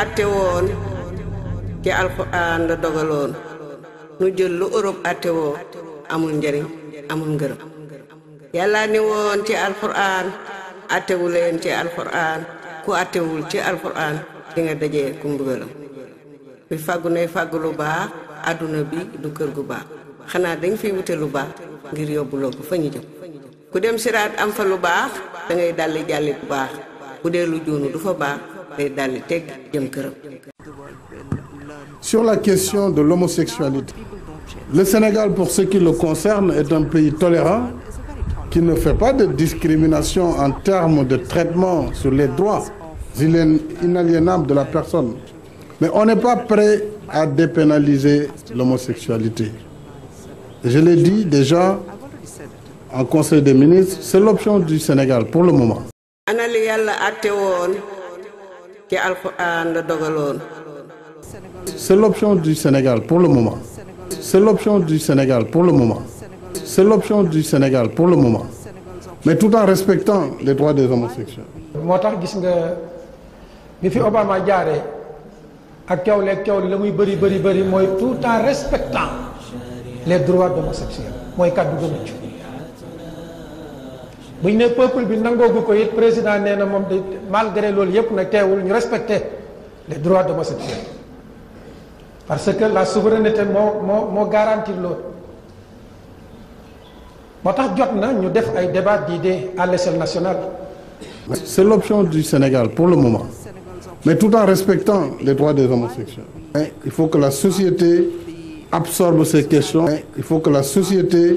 atté won ci alxuraan la dogaloon nu jël lu Europe atté wo amul njariñ amul ngeureum yalla ni won ci atté wu len ci alxuraan ku wul ci alxuraan di nga dajé ku mbugalam bi fagu ne fagu lu ba aduna bi du keur gu ba xana dañ fi wuté lu ba ngir yóbbuloo ko fañu jëm ku dem sirat am fa lu ba da ngay dalé jallé bu ba bu dee lu du fa baax Sur la question de l'homosexualité, le Sénégal, pour ce qui le concerne, est un pays tolérant qui ne fait pas de discrimination en termes de traitement sur les droits inaliénables de la personne. Mais on n'est pas prêt à dépénaliser l'homosexualité. Je l'ai dit déjà en Conseil des ministres, c'est l'option du Sénégal pour le moment. C'est l'option du Sénégal pour le moment. C'est l'option du Sénégal pour le moment. C'est l'option du Sénégal pour le moment. Mais tout en respectant les droits des homosexuels. Moi, gis nga Obama ak la muy tout en respectant les droits des homosexuels bu ne peuple bi nangoogu ko it président nee na moom malgré loolu yëpp nag teewul ñu respecter les droits de l'homosexuel parce que la souveraineté moo moo moo garantir loolu moo tax jot na ñu def ay débat d'idées à l'échelle nationale. C'est l'option du Sénégal pour le moment mais tout en respectant les droits des homosexuels. il faut que la société absorbe ces questions. il faut que la société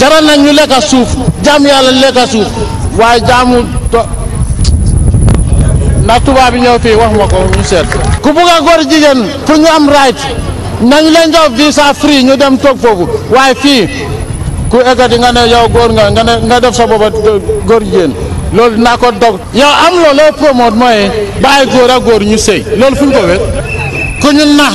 jaral nag ñu lekk suuf jaam yàlla lekk suuf waaye jaamu do ndax tubaab bi ñëw fii wax ma ko ñu seet ku bugg góor jigéen fu ñu am right nañ leen jox visa free ñu dem toog foofu waaye fii ku eggati nga ne yow góor nga nga def sa booba góor jigéen loolu naa ko dog yow am loolu loo promote mooy bàyyi góor ak góor ñu sëy loolu fu ñu ko wér ku ñu nax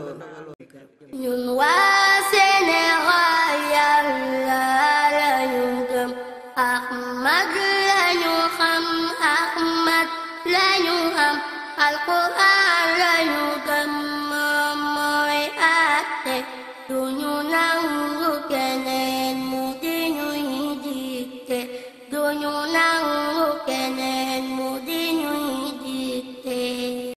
no ar.